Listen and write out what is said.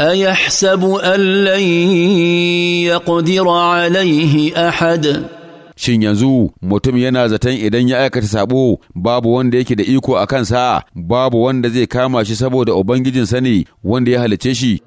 ايحسب ان لن يقدر عليه احد Shin yanzu mutum yana zaton idan ya aikata sabo babu wanda yake da iko a kansa, babu wanda zai kama shi saboda Ubangijinsa ne wanda ya halice shi.